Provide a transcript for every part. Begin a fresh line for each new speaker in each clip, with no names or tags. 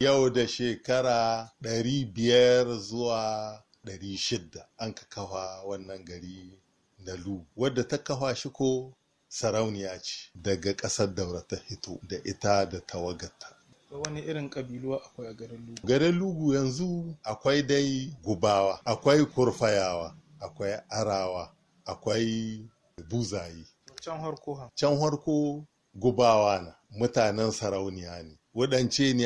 Yau da shekara ɗari biyar zuwa ɗari an
ka kafa wannan gari
na Lu. Wadda ta kafa shi ko sarauniya ce daga ƙasar daura ta hito da ita da tawagarta.
wani irin ƙabilu akwai a garin lugu
garin lugu yanzu akwai dai gubawa akwai kurfayawa akwai arawa akwai buzayi
can harko
can harko gubawa na mutanen sarauniya ne waɗance ne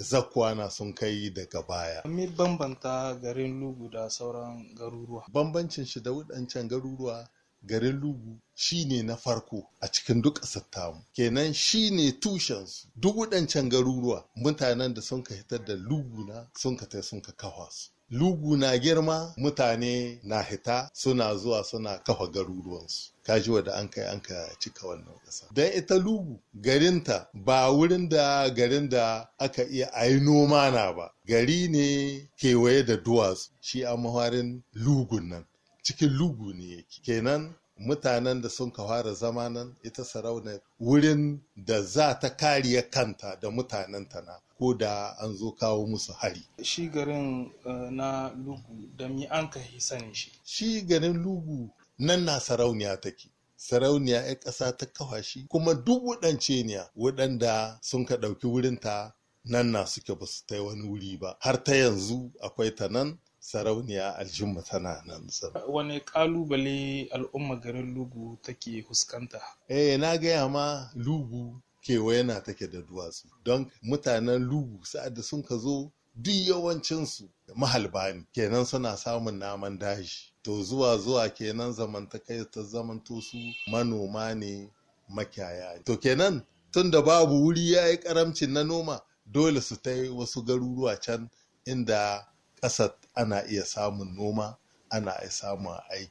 zakwana sun kai daga baya.
Me bambanta garin Lugu da sauran garuruwa?
Bambancin shi da waɗancan garuruwa garin lugu ne na farko a cikin duk ƙasar tamu kenan ne tushensu duk waɗancan garuruwa mutanen da sun ka hitar da na sun ka sun ka kafa su lugu na girma mutane na hita suna zuwa suna kafa garuruwansu kaji da an kai an ka cika wannan ƙasa don ita lugu garinta ba wurin da garin da aka iya a yi noma na ba gari ne kewaye da duwatsu shi a maharin lugun nan cikin lugu ne yake kenan mutanen da sun fara zama ita sarauna wurin da za ta kariya kanta da mutanen na ko da an zo kawo musu hari.
Shi garin eh, na Lugu da mi an ka sanin shi.
Shi garin Lugu nan na sarauniya take. Sarauniya 'yan ƙasa ta kawa shi kuma duk waɗance ne waɗanda sun ka ɗauki wurinta nan na suke ba su ta wani wuri ba har ta yanzu akwai ta nan sarauniya aljumma tana
nan wani kalubale al'umma garin lugu take fuskanta
eh na gaya ma lugu kewaye na take da duwatsu don mutanen lugu sa'ad da sun ka zo duk yawancinsu mahalba ne kenan suna samun naman daji to zuwa zuwa kenan zamantakai ta zamanto su manoma ne makiyaya to kenan tun da babu wuri ya yi karamcin na noma dole su ta wasu garuruwa can inda ƙasa ana iya samun noma ana iya samun ai